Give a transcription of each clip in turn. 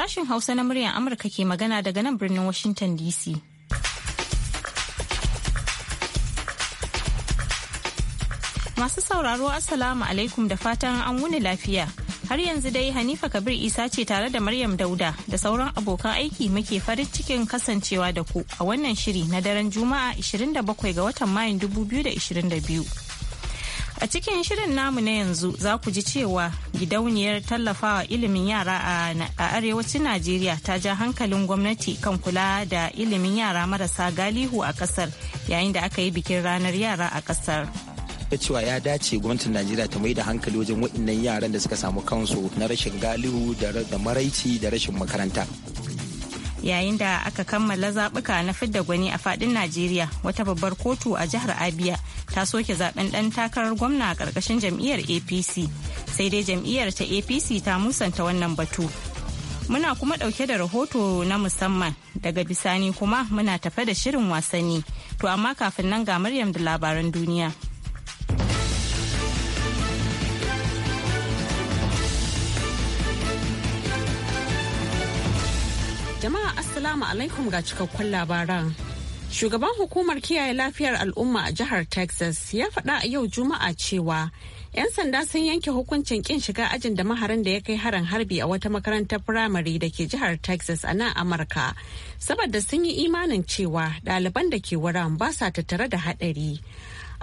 Sashen Hausa na muryar Amurka ke magana daga nan birnin Washington DC. Masu sauraro Assalamu alaikum da fatan an wuni lafiya. Har yanzu dai Hanifa Kabir Isa ce tare da Maryam Dauda da sauran abokan aiki muke farin cikin kasancewa da ku a wannan shiri na daren Juma'a 27 ga watan Mayun 2022. A cikin shirin namu na yanzu za ku ji cewa gidauniyar tallafawa ilimin yara a arewacin Najeriya ta ja hankalin gwamnati kan kula da ilimin yara marasa galihu a kasar yayin da aka yi bikin ranar yara a kasar. ta cewa ya dace gwamnatin najeriya ta mai da hankali wajen waɗannan yaran da suka samu kansu na rashin galihu da maraici da rashin makaranta yayin da aka kammala zaɓuka na fidda gwani a faɗin najeriya wata babbar kotu a jihar abia ta soke zaben dan takarar gwamna a karkashin jam'iyyar apc sai dai jam'iyyar ta apc ta musanta wannan batu muna kuma dauke da rahoto na musamman daga bisani kuma muna tafe da shirin wasanni to amma kafin nan ga maryam da labaran duniya jama'a assalamu alaikum ga cikakkun labaran Shugaban hukumar kiyaye lafiyar al'umma a jihar Texas ya faɗa a yau Juma'a cewa 'yan sanda sun yanke hukuncin kin shiga ajin da maharin da ya kai harin harbi a wata makarantar firamare da ke jihar Texas a nan Amurka, saboda sun yi imanin cewa ɗaliban da ke wuraren ba sa tattare da haɗari.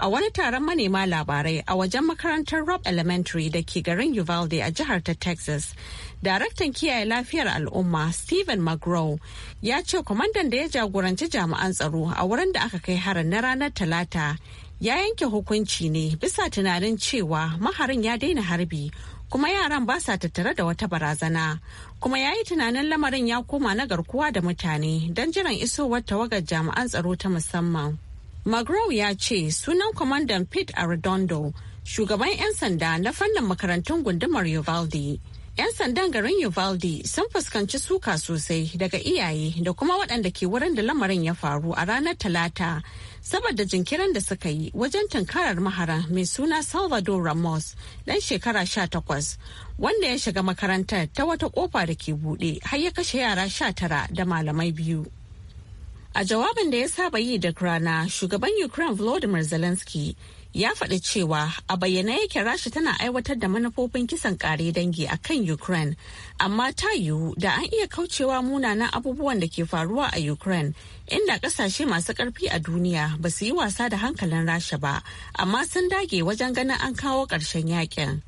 a wani taron manema labarai a wajen makarantar Rob Elementary da ke garin Uvalde a jihar ta Texas. Daraktan kiyaye lafiyar al'umma Stephen McGraw ya ce kwamandan da ya jagoranci jami'an tsaro a wurin da aka kai harin na ranar Talata ya yanke hukunci ne bisa tunanin cewa maharin ya daina harbi kuma yaran ba sa tattare da wata barazana kuma ya yi tunanin lamarin ya koma na garkuwa da mutane don jiran isowar tawagar jami'an tsaro ta musamman. Magro ya ce sunan kwamandan Pete Arredondo shugaban 'yan sanda na fannin makarantun gundumar Uvalde. 'Yan sandan garin Uvalde sun fuskanci suka sosai daga iyaye da kuma waɗanda ke wurin da lamarin ya faru a ranar Talata saboda jinkirin da suka yi wajen tunkarar mahara mai suna Salvador Ramos ɗan shekara 18 wanda ya shiga makarantar ta wata ƙofa da ke buɗe har ya kashe yara 19 da malamai biyu. A jawabin da ya saba yi da rana, shugaban Ukraine Volodymyr Zelensky ya faɗi cewa a bayyana yake rasha tana aiwatar da manufofin kisan ƙare dangi a kan ukraine amma ta yiwu da an iya kaucewa munanan abubuwan da ke faruwa a ukraine inda ƙasashe masu ƙarfi a duniya ba su yi wasa da hankalin rasha ba amma sun dage wajen ganin an kawo ƙarshen yakin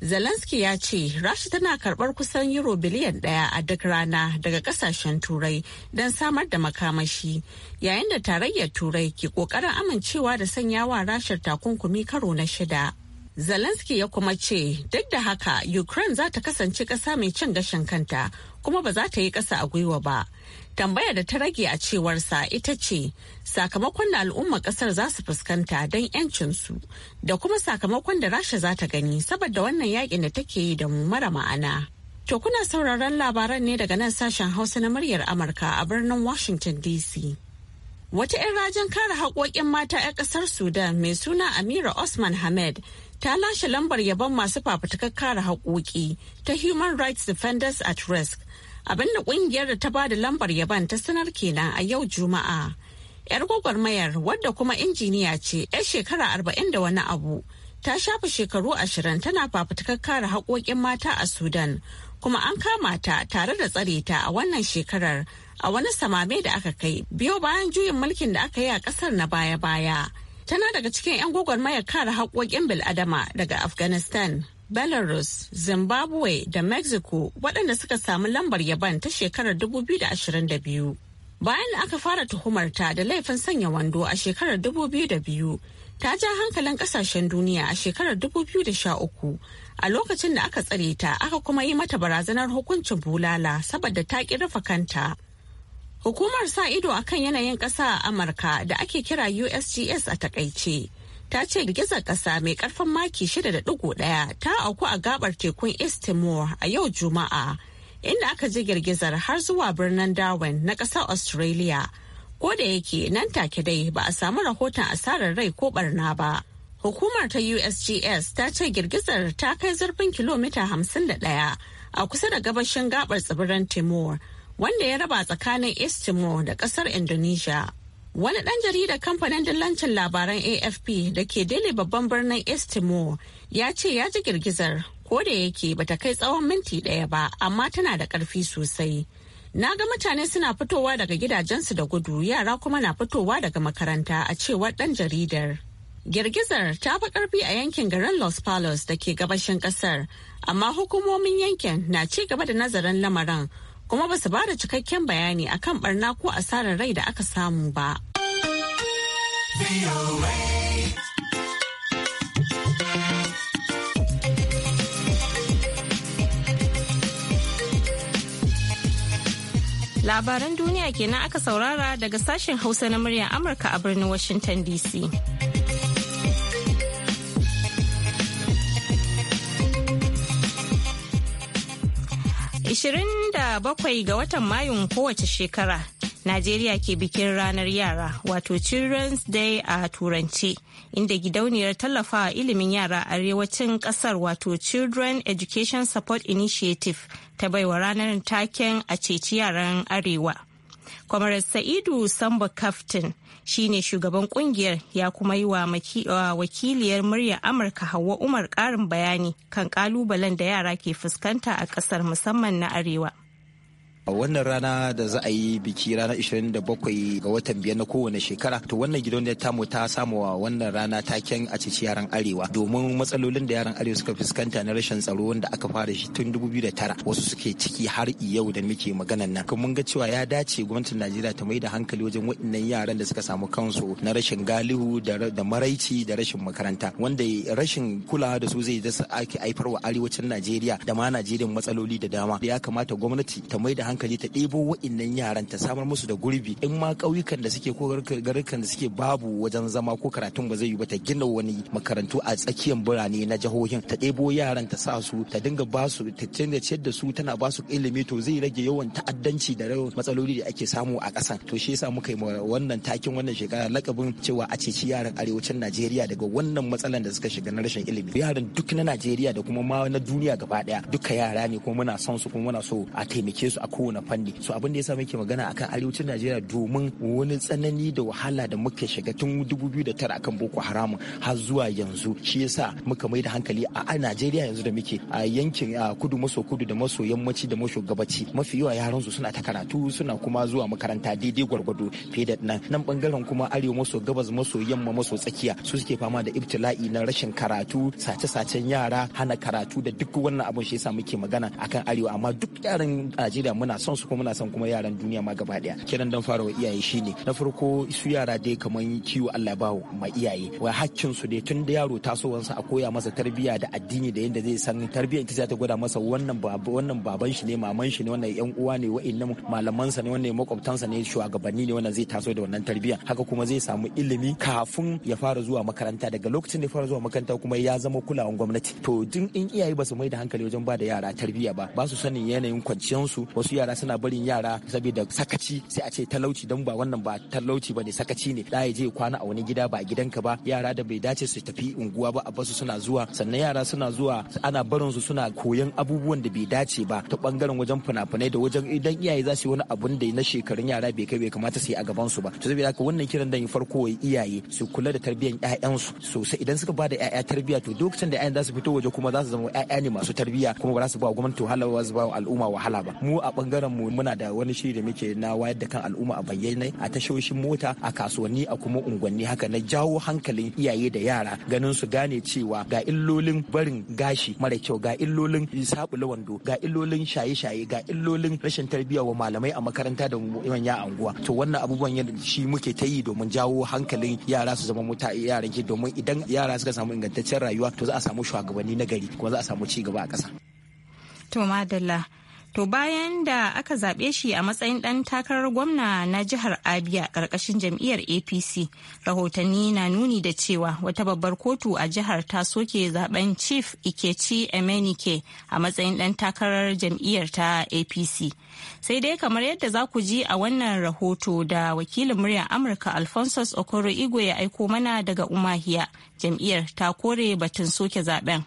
Zelensky ya ce Rasha tana karbar kusan euro biliyan daya a duk rana daga kasashen turai don samar da makamashi yayin da tarayyar turai ke kokarin amincewa da sanyawa rashar takunkumi karo na shida. Zelensky ya kuma ce duk da haka Ukraine za ta kasance ƙasa mai cin gashin kanta kuma ba za ta yi ƙasa a gwiwa ba. Tambaya da ta rage a cewarsa ita ce sakamakon da al'ummar kasar za su fuskanta don 'yancinsu da kuma sakamakon da rasha za ta gani saboda wannan yakin da take yi da mu mara ma'ana. To kuna sauraron labaran ne daga nan sashen Hausa na muryar Amurka a birnin Washington DC. Wata 'yan rajin kare haƙoƙin mata 'yan ƙasar Sudan mai suna Amira Osman Hamed ta lashe lambar yabon masu fafutukar kare haƙoƙi ta Human Rights Defenders at Risk abinda kungiyar da ta ba da lambar yaban ta sanar kenan a yau juma'a yar gwagwarmayar wadda kuma injiniya ce yar shekara arba'in da wani abu ta shafa shekaru ashirin tana fafutukar kare haƙoƙin mata a sudan kuma an kama ta tare da tsare ta a wannan shekarar a wani samame da aka kai biyo bayan juyin mulkin da aka yi a ƙasar na baya-baya tana daga cikin 'yan gwagwarmayar kare haƙoƙin bil'adama daga afghanistan Belarus, Zimbabwe da Mexico waɗanda suka samu lambar yaban ta shekarar 2022. Bayan da aka fara tuhumarta da laifin sanya wando a shekarar 2002, ta ja hankalin ƙasashen duniya a shekarar 2013 a lokacin da aka tsare ta aka kuma yi mata barazanar hukuncin bulala saboda ta ƙi rufe kanta. Hukumar sa ido akan yanayin ƙasa a Amurka da ake kira USGS a takaice. ta ce girgizar ƙasa mai ƙarfin maki 6.1 ta auku a gabar tekun East Timor a yau Juma'a, inda aka ji girgizar har zuwa birnin Darwin na ƙasar Australia. Ko da yake nan take dai ba a samu rahoton asarar rai ko barna ba. Hukumar ta USGS ta ce girgizar ta kai zurfin kilomita 51 a kusa da gabashin gabar tsibirin Timor, wanda ya raba tsakanin East Timor da ƙasar Indonesia. Wani ɗan jarida kamfanin dillancin labaran AFP da ke dele babban birnin Estimo ya ce ya ji girgizar ko da yake bata kai tsawon minti ɗaya ba amma tana da ƙarfi sosai. Na ga mutane suna fitowa daga gidajensu da gudu yara kuma na fitowa daga makaranta a cewar ɗan jaridar. Girgizar ta fi ƙarfi a yankin garin Los Palos da ke gabashin ƙasar, amma hukumomin yankin na ci gaba da nazarin lamarin kuma ba su ba da cikakken bayani akan barna ko asarar rai da aka samu ba. Labaran duniya kenan aka saurara daga sashen Hausa na muryar Amurka a birnin Washington DC. 27 ga watan Mayun kowace shekara, Najeriya ke bikin ranar yara wato Children's Day a Turance, inda gidauniyar tallafawa ilimin yara a arewacin kasar wato Children Education Support Initiative ta baiwa ranar taken a ceci yaran arewa. Kwamarar Sa'idu sambo Kaftin shine shugaban kungiyar ya kuma yi wa wakiliyar murya amurka hawa umar karin bayani kan kalubalen da yara ke fuskanta a kasar musamman na arewa a wannan rana da za a yi biki ranar 27 ga watan biyar na kowane shekara to wannan gidauniyar tamu ta samu wa wannan rana taken a cici yaran arewa domin matsalolin da yaran arewa suka fuskanta na rashin tsaro wanda aka fara shi tun 2009 wasu suke ciki har yau da muke maganan nan kuma mun ga cewa ya dace gwamnatin Najeriya ta mai da hankali wajen waɗannan yaran da suka samu kansu na rashin galihu da maraici da rashin makaranta wanda rashin kulawa da su zai da ake haifarwa arewacin Najeriya da ma Najeriya matsaloli da dama ya kamata gwamnati ta mai da hankali ta ɗebo wa'innan yaran ta samar musu da gurbi in ma ƙauyukan da suke ko garukan da suke babu wajen zama ko karatun ba zai yi ba ta gina wani makarantu a tsakiyar birane na jihohin ta ɗebo yaran ta sa su ta dinga ba su ta canza ciyar da su tana ba su ilimi to zai rage yawan ta'addanci da rawan matsaloli da ake samu a ƙasan to shi yasa muka yi wannan takin wannan shekara lakabin cewa a ceci yaran arewacin Najeriya daga wannan matsalar da suka shiga na rashin ilimi yaran duk na Najeriya da kuma ma na duniya gaba daya duka yara ne kuma muna son su kuma muna so a taimake su a ko. kowane fanni so abin da yasa muke magana akan arewacin najeriya domin wani tsanani da wahala da muka shiga tun biyu da 2009 akan boko haram har zuwa yanzu shi yasa muka mai da hankali a najeriya yanzu da muke a yankin kudu maso kudu da maso yammaci da maso gabaci mafi yawa yaran su suna ta karatu suna kuma zuwa makaranta daidai gwargwado fiye nan nan bangaren kuma arewa maso gabas maso yamma maso tsakiya su suke fama da ibtila'i na rashin karatu sace-sacen yara hana karatu da duk wannan abin shi yasa muke magana akan arewa amma duk yaran najeriya muna muna son su kuma muna son kuma yaran duniya ma gaba daya kiran dan farawa iyaye shine na farko su yara dai kaman kiwo Allah bawo ma iyaye wa hakkin su dai tun da yaro tasowansa a koya masa tarbiyya da addini da yadda zai san tarbiyya ita za ta gwada masa wannan wannan baban shi ne maman shi ne wannan yan uwa ne wa'annan sa ne wannan sa ne shugabanni ne wannan zai taso da wannan tarbiyya haka kuma zai samu ilimi kafin ya fara zuwa makaranta daga lokacin da ya fara zuwa makaranta kuma ya zama kulawan gwamnati to duk in iyaye ba su mai da hankali wajen ba da yara tarbiyya ba ba su sanin yanayin kwanciyarsu wasu yara yara suna barin yara saboda sakaci sai a ce talauci don ba wannan ba talauci ba ne sakaci ne da ya je kwana a wani gida ba gidanka ba yara da bai dace su tafi unguwa ba a basu suna zuwa sannan yara suna zuwa ana barin su suna koyan abubuwan da bai dace ba ta bangaren wajen fina-finai da wajen idan iyaye za su yi wani abun da na shekarun yara bai kai bai kamata su yi a gaban su ba to saboda haka wannan kiran da farko wai iyaye su kula da tarbiyyar ƴaƴansu sosai idan suka ba da ƴaƴa tarbiyya to lokacin da ƴaƴan za su fito waje kuma za su zama ƴaƴa ne masu tarbiyya kuma ba za su ba gwamnati wahala za su ba al'umma wahala ba mu a bangaren bangaren mu muna da wani shiri da muke na wayar da kan al'umma a bayyane a tashoshin mota a kasuwanni a kuma unguwanni haka na jawo hankalin iyaye da yara ganin su gane cewa ga illolin barin gashi mara kyau ga illolin sabula wando ga illolin shaye-shaye ga illolin rashin tarbiyya wa malamai a makaranta da manya a unguwa to wannan abubuwan yadda shi muke ta yi domin jawo hankalin yara su zama mota yaran ke domin idan yara suka samu ingantaccen rayuwa to za a samu shugabanni na gari kuma za a samu ci gaba a ƙasa. to madalla To bayan da aka zaɓe shi a matsayin ɗan takarar gwamna na jihar Abia ƙarƙashin jam'iyyar APC, rahotanni na nuni da cewa wata babbar kotu a jihar ta soke zaben Chief Ikechi Emenike a matsayin ɗan takarar jam'iyyar ta APC. Sai dai kamar yadda za ku ji a wannan rahoto da wakilin muryar Amurka Alphonsus Okoro Igwe ya aiko mana daga Umahiya, jam'iyyar ta kore batun soke zaben.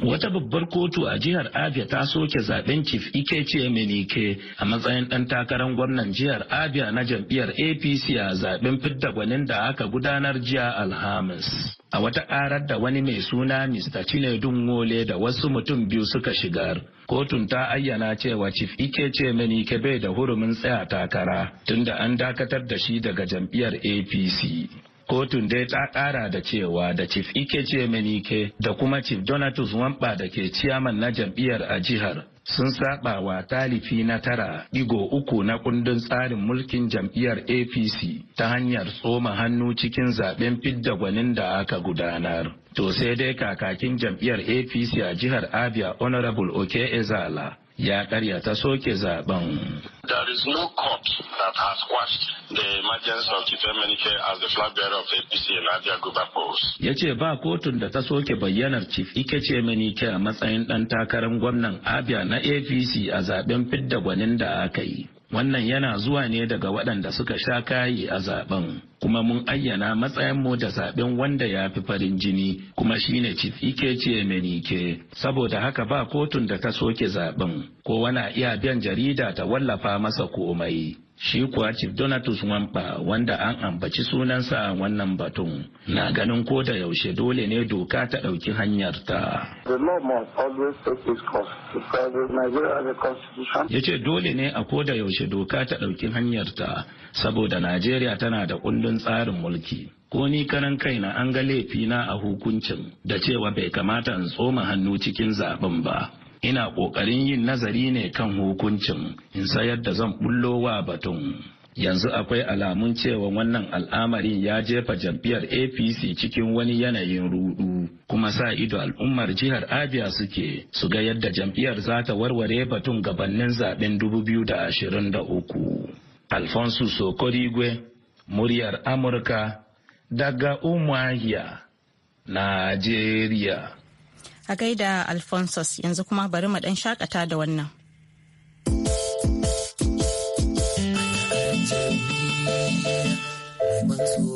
Wata babbar kotu a jihar Abia ta soke zaben Chief Ikechi Emenike a matsayin ɗan takarar gwamnan jihar Abia na jam'iyyar APC a zaben fidda gwanin da aka gudanar jiya Alhamis. A wata ƙarar da wani mai suna Mr. Chinedun Wole da wasu mutum biyu suka shigar. Kotun ta ayyana cewa Chief Ikechi Emenike bai da hurumin tsaya takara tunda an dakatar da shi daga jam'iyyar APC. kotun dai ta kara da cewa da chief ike menike da kuma chief donatus wamba da ke ciyaman na jam'iyyar a jihar sun saba wa talifi na tara digo uku na kundin tsarin mulkin jam'iyyar apc ta hanyar tsoma hannu cikin zaben fidda gwanin da aka gudanar to sai dai kakakin jam'iyyar apc a jihar abia honorable oke ezala ya karya ta soke zaben. There is no court that has quashed the emergence of Chifemenike as the flag bearer of APC in Abia Guba polls. Ya ce ba kotun da ta soke bayyanar Chief Ikechemenike a matsayin ɗan takarar gwamnan Abia na APC a zaben fidda gwanin da aka yi. wannan yana zuwa ne daga waɗanda suka sha kayi a zaben kuma mun ayyana matsayin mu da zaben wanda ya fi farin jini kuma shine chief ike ce menike saboda haka ba kotun da ta soke zaben kowa na iya biyan jarida ta wallafa masa komai shi kuwa chief donatus wampa wanda an ambaci sunansa wannan batun na ganin ko da yaushe dole ne doka ta ɗauki hanyar ta ya ce dole ne a ko da yaushe doka ta ɗauki hanyar ta saboda najeriya tana da kundin tsarin mulki ko ni karan kaina an ga laifina a hukuncin da cewa bai kamata in tsoma hannu cikin zaben ba ina ƙoƙarin yin nazari ne kan hukuncin in sayar da zan bullo wa batun yanzu akwai alamun cewa wannan al'amarin ya jefa jam'iyyar apc cikin wani yanayin rudu kuma sa ido al'ummar jihar abia suke su ga yadda jam'iyyar za ta warware batun gabanin zaben 2023 alfonso sokorigwe muryar amurka daga umuahia najeriya A gaida alfonsos yanzu kuma bari mu dan shakata da wannan. Thank you.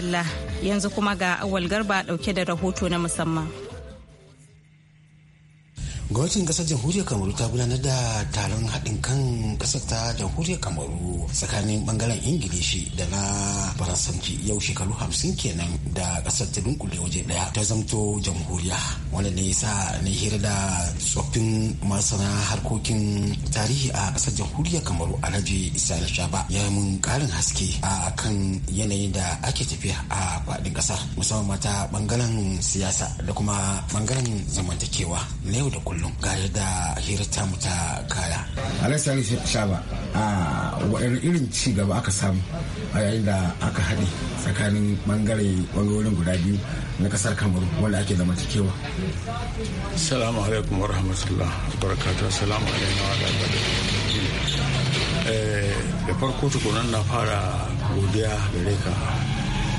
madalla yanzu kuma ga awal garba dauke da rahoto na musamman. gwamnatin kasar jamhuriyar kamaru ta gudanar da taron haɗin kan kasar ta jamhuriyar kamaru tsakanin bangaren ingilishi da na faransanci yau shekaru hamsin kenan da kasar ta dunkule waje daya ta zamto jamhuriya wanda ne yasa na hira da tsoffin masana harkokin tarihi a kasar jamhuriyar kamaru alhaji da shaba ya mun karin haske a kan yanayin da ake tafiya a faɗin ƙasa musamman mata bangaren siyasa da kuma bangaren zamantakewa na yau da kullum ga yadda hirta mu ta kaya. a Alaisari Shaba a waɗanne irin ci gaba aka samu a yayin da aka haɗe tsakanin bangare bangarorin guda biyu na ƙasar Kamaru wanda ake zama zamantakewa. Salamu alaikum wa rahmatullah barakatu salamu alaikum wa rahmatullah. Eh, da farko tukunan na fara godiya gare ka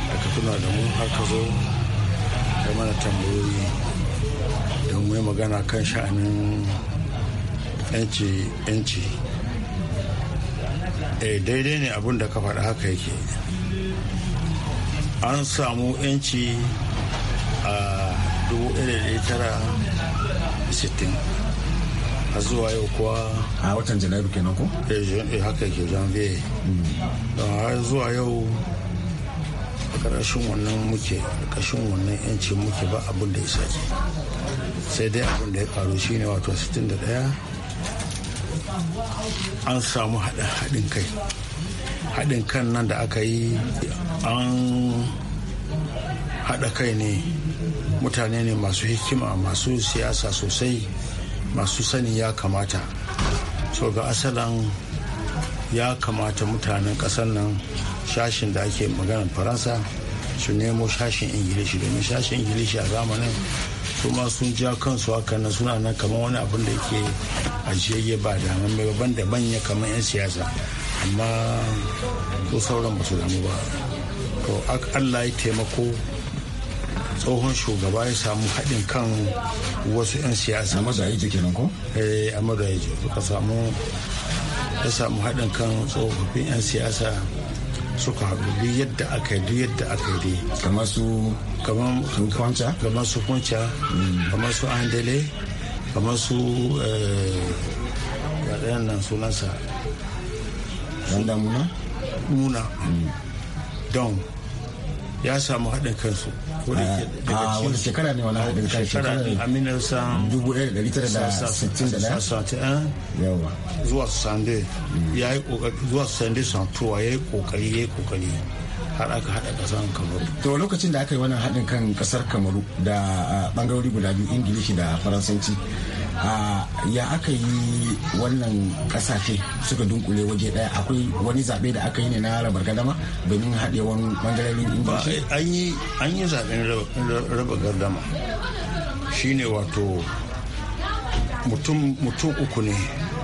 da ka tuna da mu har ka zo kai mana tambayoyi mu yi magana kan sha'anin yanci yanci eh daidai ne abin da ka faɗa haka yake an samu yanci a 1960 a zuwa yau kuwa a watan janairu kenan ko? eh, eh haka yake janvier hmm. don har zuwa yau karkashin wannan muke karkashin wannan yanci muke ba abin da ya sake sai dai abin da ya faru shine wato 61 an samu haɗin kai haɗin kan nan da aka yi an haɗa kai ne mutane ne masu hikima masu siyasa sosai masu sani ya kamata so ga asalan ya kamata mutanen ƙasar nan shashin da ake maganar faransa su nemo shashin ingilishi domin shashin ingilishi a zamanin su ma sun ja kansu haka na suna nan kamar wani abin da yake ajiyayye ba da mai babban da manya kamar 'yan siyasa amma su sauran ba su damu ba to allah ya taimako tsohon shugaba ya samu haɗin kan wasu 'yan siyasa a mazaye kenan ko? eh a mazaye suka samu ya samu haɗin kan tsofaffin 'yan siyasa suka haɗu yadda aka yi duk yadda aka yi kamar su kamar su kwanca kamar su kwanca mm. kamar su andele kamar su ga eh, ɗayan nan sunansa wanda muna muna mm. don ya samu haɗin kansu wani shekara ne wala daga shekara amina san 1961 zuwa sande ya yi kokari zuwa sande ya yi kokari ya yi kokari har aka haɗa ƙasar kamaru to lokacin da aka yi wannan haɗin kan kasar kamaru da bangarori guda biyu ingilishi da faransanci ya aka yi wannan ƙasashe suka dunkule waje daya akwai wani zaɓe da aka yi ne na rabar gardama domin haɗewan ɓangarorin ingilishi an yi zaɓen raba gardama shine wato mutum uku ne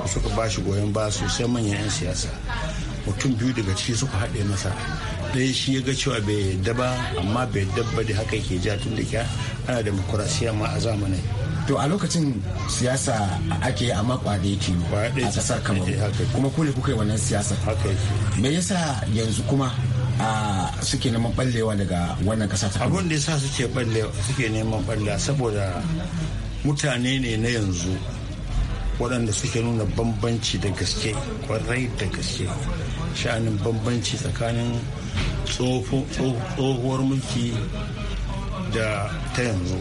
suka ba shi goyon ba sosai manyan 'yan siyasa mutum biyu daga ciki suka haɗe masa dai shi ya ga cewa bai yadda ba amma bai dabba da haka yake ja tun da kya ana demokuraɗiyya ma a zamanin to a lokacin siyasa ake a makwa eh, da yake a kasar kamaru kuma ku ne kuka yi wannan siyasa me yasa yanzu kuma a suke neman ballewa daga wannan kasar ta abin da yasa suke ballewa suke neman ballewa saboda mutane ne na yanzu waɗanda suke nuna bambanci da gaske kwarai da gaske sha'anin bambanci tsakanin tsohuwar mulki da ta yanzu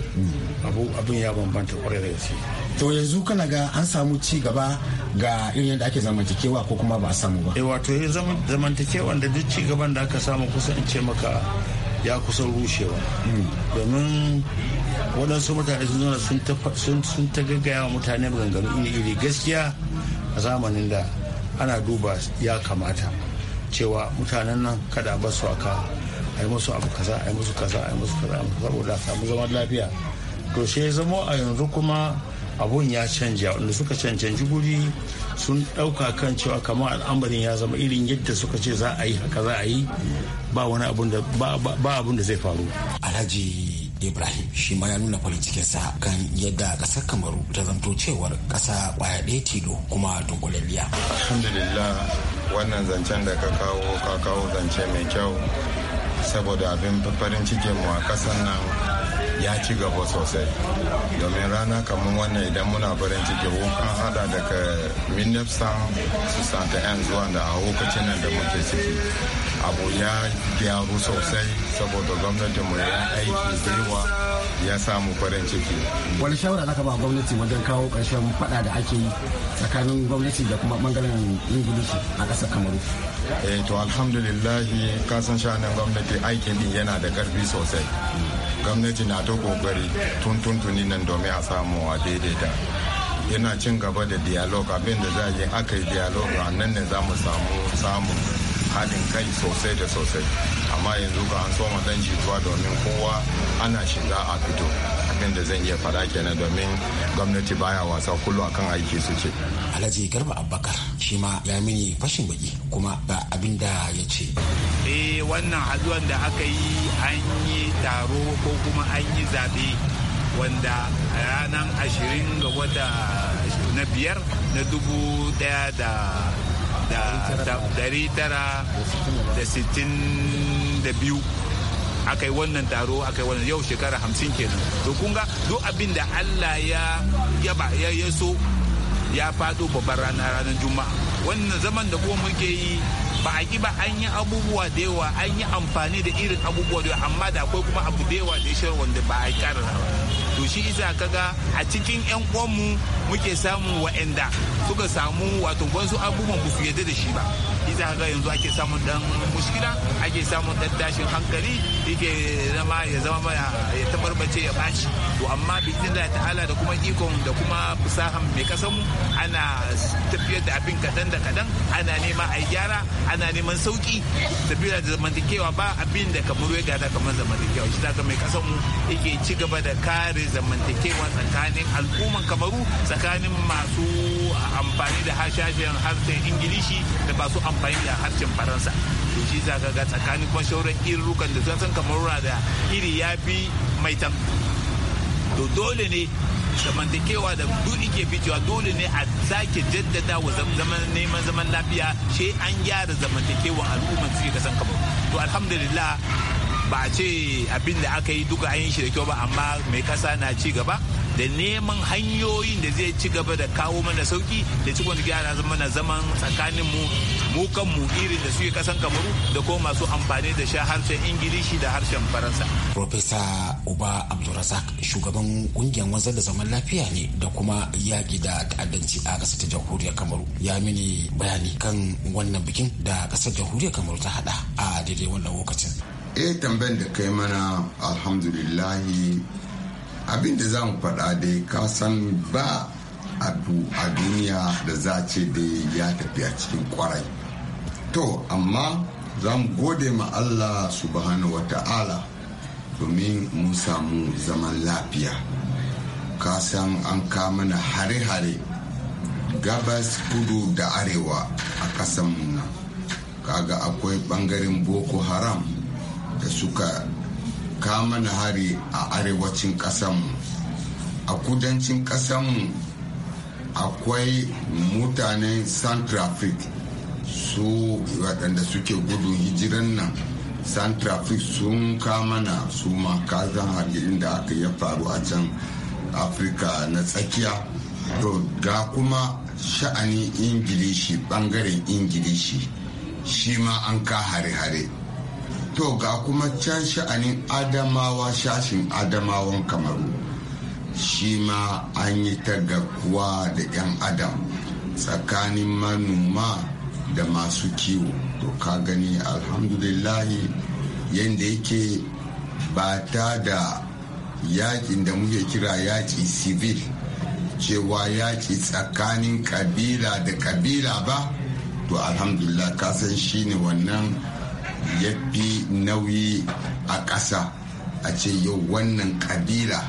abin ya bambanta kwarai da gaske to yanzu kana ga an samu ci gaba ga irin yadda ake zamantakewa ko kuma ba a samu ba eh, wato ya eh, zamantakewa da duk ci gaban da aka samu kusan ce maka ya kusan rushewa hmm. domin waɗansu mutane sun zauna sun ta gaggaya wa mutane maganganu iri-iri gaskiya a zamanin da ana duba ya kamata cewa mutanen nan kada ba su aka a yi musu abu kaza a yi musu kaza a yi musu kaza saboda a samu zaman lafiya to sai ya zamo a yanzu kuma abun ya canja wanda suka cancanci guri sun ɗauka kan cewa kamar al'amarin ya zama irin yadda suka ce za a yi haka za a yi ba wani abun da zai faru alhaji ibrahim shi ma ya nuna farin cikinsa kan yadda kasar kamaru ta zanto cewar kasa kwaya ɗaya tilo kuma dunkulalliya alhamdulillah wannan zancen da ka kawo ka kawo zance mai kyau saboda abin farin cikin mu a kasan nan ya ci gaba sosai domin rana kamar wannan idan muna barin ciki wukan hada daga minnepsam su santa yan zuwa da a lokacin nan da muke ciki abu ya gyaru sosai saboda gwamnatinmu ya aiki gwiwa ya samu farin ciki wani shawara zaka ba gwamnati wajen kawo ƙarshen fada da ake yi tsakanin gwamnati da kuma bangaren ingilishi a ƙasar kamaru eh to alhamdulillahi kasan shanin gwamnati aikin din yana da ƙarfi sosai gwamnati na ta kokari tun tuntuni nan domin a samu a daidaita yana cin gaba da dialogue abinda da za a yi aka yi dialogue a nan ne za mu samu samu haɗin kai sosai da sosai amma yanzu ga an soma dan jituwa domin kowa ana shiga a fito abin da zan iya faɗa kenan domin gwamnati baya wasa kullu akan aiki suke alhaji garba abubakar shi ma ya mini fashin baki kuma ba abin da ya ce eh wannan haduwan da aka yi an yi taro ko kuma an yi zaɓe wanda ranar ashirin ga wata na biyar na dubu daya da da biyu aka yi wannan taro aka yi wannan yau shekara hamsin kenan to kun ga duk abin da allah ya yaba ya yaso ya fado babbar ranar ranar juma'a wannan zaman da kuma muke yi ba a ki ba an yi abubuwa da yawa an yi amfani da irin abubuwa da yawa amma da akwai kuma abu da yawa da ya wanda ba a yi ba to shi isa kaga a cikin yan uwanmu muke samun wa'anda suka samu wato wasu abubuwan ba su da shi ba isa kaga yanzu ake samun dan muskila ake samun dan tashin hankali yake zama ya zama ya tabarbace ya bashi to amma bikin da ta'ala da kuma ikon da kuma fasahan mai mu ana tafiyar da abin kadan da kadan ana nema a gyara ana neman sauki tafiya da zamantakewa ba abin da kamar ya gada kamar zamantakewa shi ta mai mu yake ci gaba da kare zamantakewa tsakanin al'umman kamaru tsakanin masu amfani da hashashen harshen ingilishi da masu amfani da harshen faransa to shi za ga tsakanin kuma shauran irrukan da sun san kamaru da iri ya fi maitan to dole ne zamantakewa da duk ke fitowa dole ne a sake jaddada wa zaman neman zaman lafiya sai an gyara zamantakewa al'umman ke kasan kamaru to alhamdulillah ba a ce abin da aka yi duka an yi shi da kyau ba amma mai kasa na ci gaba da neman hanyoyin da zai ci gaba da kawo mana sauki da ci wani gyara na zaman tsakanin mu mu kan mu irin da suke kasan kamaru da kuma masu amfani da sha harshen ingilishi da harshen faransa. profesa uba abdulrazak shugaban kungiyar wanzar da zaman lafiya ne da kuma yaƙi da ta'addanci a ƙasar ta jamhuriyar kamaru ya mini bayani kan wannan bikin da ƙasar jamhuriyar kamaru ta hada a daidai wannan lokacin eh tambayar da kai mana alhamdulillahi abin da za mu faɗa dai ka san ba abu a duniya da za ce dai ya tafi a cikin kwarai to amma za mu gode ma allah subhanahu wa ta'ala domin mu samu zaman lafiya ka san an mana hare-hare gabas kudu da arewa a kasan nan kaga akwai ɓangaren boko haram da suka kama na hari a arewacin ƙasanmu a kudancin ƙasanmu akwai mutanen centrafric su waɗanda suke gudun hijiran nan centrafric sun kama na su ma kazan hadirin da aka ya faru a can afirka na tsakiya to ga kuma sha'anin ingilishi bangaren ingilishi shi ma an ka hare-hare to ga kuma can sha'anin adamawa shashin adamawan kamaru shi ma an yi ta garkuwa da 'yan adam tsakanin manoma da masu kiwo to ka gani alhamdulillahi yadda yake ba ta da yakin da muke kira yaki civil cewa yaki tsakanin kabila da kabila ba to alhamdulillah kasan ne wannan ya fi nauyi a ƙasa a ce yau wannan ƙabila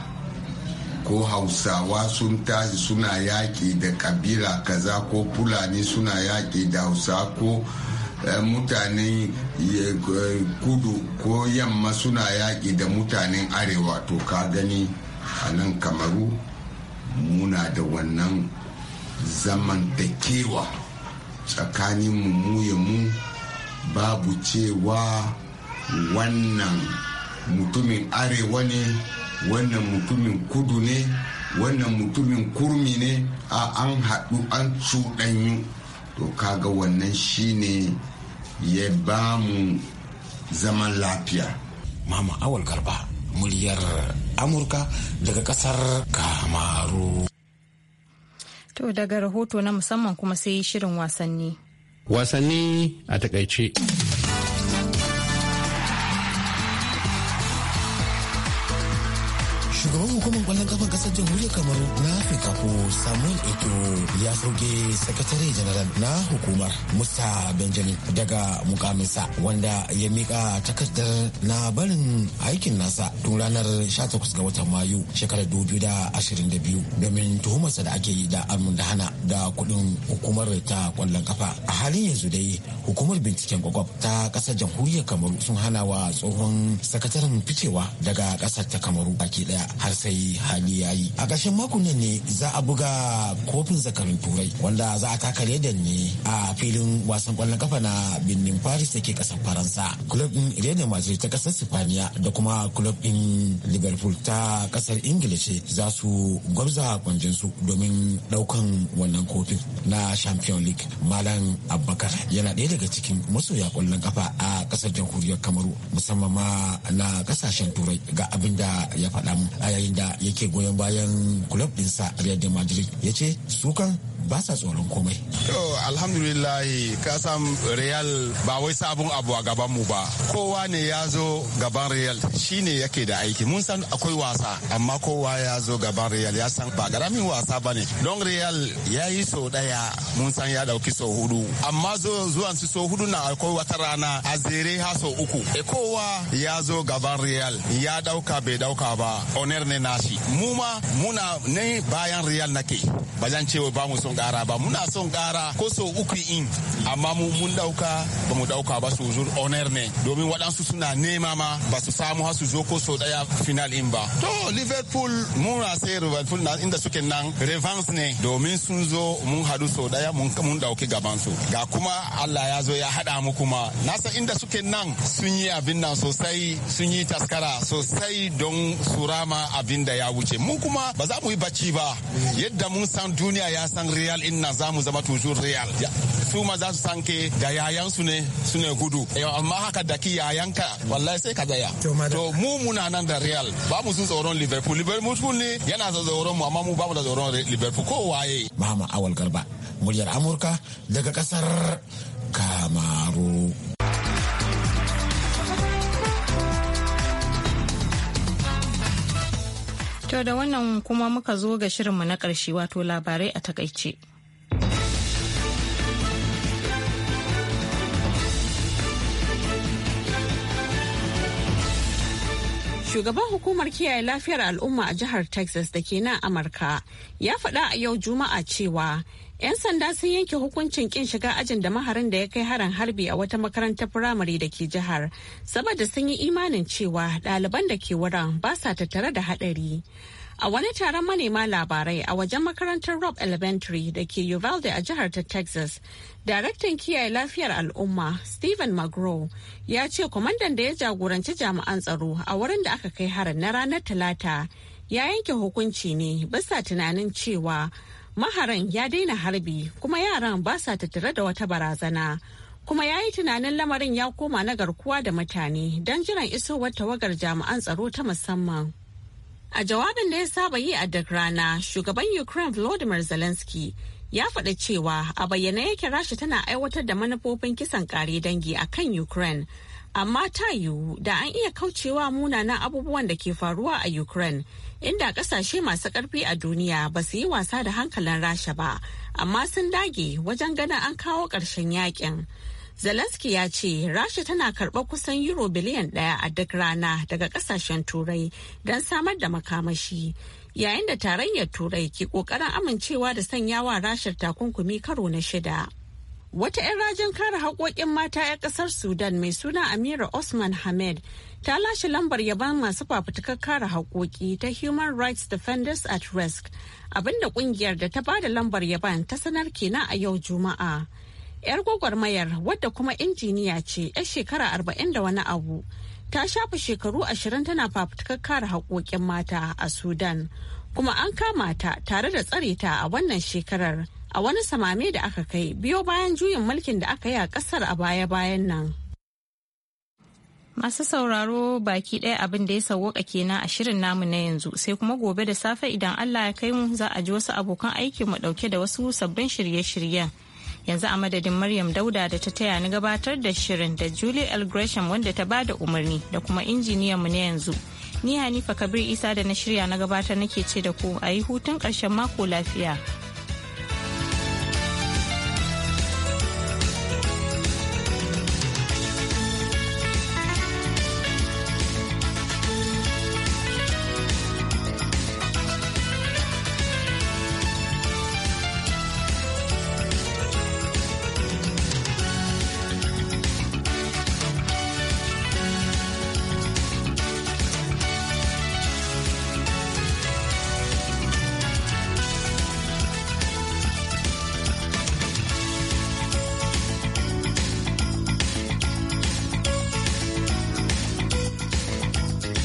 ko hausawa sun tashi suna yaƙi da ƙabila kaza ko fulani suna yaƙi da hausa ko eh, mutanen eh, kudu ko yamma suna yaƙi da mutanen arewa to ka gani a nan kamaru muna da wannan zamantakewa tsakanin mu ya mu babu cewa wannan mutumin arewa ne wannan mutumin kudu ne wannan mutumin kurmi ne a an haɗu an cuɗanyu to kaga wannan shine ya ba mu zaman lafiya mama awal garba muryar amurka daga kasar kamaru to daga rahoto na musamman kuma sai shirin wasanni wasanni a takaice shugaban hukumar kwallon kafan kasar jamhuriyar kamaru na afirka ko samuel eto ya sauke sakatare janaral na hukumar musa benjamin daga mukaminsa wanda ya mika takardar na barin aikin nasa tun ranar 18 ga watan mayu shekarar 2022 domin tuhumarsa da ake yi da hana da kuɗin hukumar ta kwallon kafa a halin yanzu dai hukumar binciken kwakwab ta kasar jamhuriyar kamaru sun hana wa tsohon sakataren ficewa daga kasar ta kamaru baki daya har sai yi hali ya a ƙarshen makon ne za a buga kofin zakarin turai wanda za a taka da ne a filin wasan ƙwallon kafa na birnin paris da ke ƙasar faransa club din real madrid ta kasar sifaniya da kuma club din liverpool ta ƙasar ingilishi za su gwabza su domin ɗaukan wannan kofin na champion league malam abubakar yana ɗaya daga cikin masoya kwallon kafa a kasar jamhuriyar kamaru musamman ma na ƙasashen turai ga abin da ya faɗa mu a yayin da yake goyon bayan club dinsa Real Madrid ya ce su kan ba sa tsoron komai. To alhamdulillah ka san Real ba wai sabon abu a gaban mu ba. Kowa ne ya zo gaban Real shine yake da aiki. Mun san akwai wasa amma kowa ya zo gaban Real ya san ba garamin wasa bane. Don Real ya yi so daya mun san ya dauki so hudu. Amma zo zuwan su so hudu na akwai wata rana a zere ha so uku. E kowa ya zo gaban Real ya dauka bai dauka ba. Oner ne nashi. Mu ma muna ne bayan Real nake. Ba cewa ba mu son kara ba muna son kara ko so uku in amma mu mun dauka ba mu dauka ba su honor ne domin waɗansu suna nema ma ba su samu har su zo ko so daya final in ba to liverpool mun sai liverpool na inda suke nan revanche ne domin sun zo mun hadu so daya mun dauki gaban su ga kuma Allah ya zo ya hada mu kuma nasa inda suke nan sun yi abin nan sosai sun yi taskara sosai don surama abin da ya wuce mu kuma ba za mu yi bacci ba yadda mun san duniya ya san re real in na zamu zama toujours real su ma za su sanke da yayan su ne su ne gudu amma haka da ki yayan ka wallahi sai ka zaya to mu muna nan da real ba mu sun tsoron liverpool liverpool ne yana da tsoron mu amma mu ba mu da tsoron liverpool ko waye mama awal garba muryar amurka daga kasar kamaru To da wannan kuma muka zo ga shirinmu na ƙarshe wato labarai a takaice. Shugaban hukumar kiyaye lafiyar al'umma a jihar Texas da ke nan Amurka ya faɗa a yau Juma'a cewa 'Yan sanda sun yanke hukuncin kin shiga ajin da maharin da ya kai harin harbi a wata makarantar firamare da ke jihar, saboda sun yi imanin cewa ɗaliban da ke wurin ba sa tattare da haɗari. A wani taron manema labarai a wajen makarantar Rob Elementary da ke Uvalde a jihar ta Texas, daraktan kiyaye lafiyar al'umma Stephen McGraw ya ce kwamandan da ya jagoranci jami'an tsaro a wurin da aka kai harin na ranar Talata ya yanke hukunci ne bisa tunanin cewa maharan ya daina harbi kuma yaran ba sa tattare da wata barazana kuma ya yi tunanin lamarin ya koma na garkuwa da mutane don jiran isowar tawagar jami'an tsaro ta musamman a jawabin da ya saba yi a duk rana shugaban ukraine volodymyr zelensky ya faɗa cewa a bayyana yake rasha tana aiwatar da manufofin kisan ƙare dangi a kan ukraine amma ta yiwu da an iya kaucewa munanan abubuwan da ke faruwa a ukraine inda kasashe masu karfi a duniya ba su yi wasa da hankalin rasha ba amma sun dage wajen ganin an kawo ƙarshen yakin zelensky ya ce rasha tana karɓar kusan euro biliyan ɗaya a duk rana daga ƙasashen turai don samar da makamashi yayin da tarayyar turai ke ƙoƙarin amincewa da sanyawa rashar takunkumi karo na shida Wata 'yan rajin kare haƙoƙin mata 'yan ƙasar Sudan mai suna Amira Osman Hamed ta lashe lambar yaban masu fafutukar kare haƙoƙi ta Human Rights Defenders at Risk, abinda ƙungiyar da ta bada lambar yaban ta sanar kenan a yau Juma'a. 'Yar gwagwarmayar wadda kuma injiniya ce 'yar shekara arba'in da wani abu, ta shafa shekaru ashirin tana fafutukar kare haƙoƙin mata a Sudan, kuma an kama ta tare da tsare ta a wannan shekarar. a wani samame da aka kai biyo bayan juyin mulkin da aka yi a kasar a baya-bayan nan. Masu sauraro baki ɗaya abin da ya sauwaka kenan a shirin namu na yanzu sai kuma gobe da safe idan Allah ya kai mu za a ji wasu abokan aiki mu ɗauke da wasu sabbin shirye-shiryen. Yanzu a madadin Maryam Dauda da ta taya ni gabatar da shirin da Julie L. Gresham wanda ta ba da umarni da kuma injiniyan mu na yanzu. Ni Hanifa Kabir Isa da na shirya na gabatar nake ce da ku a yi hutun ƙarshen mako lafiya.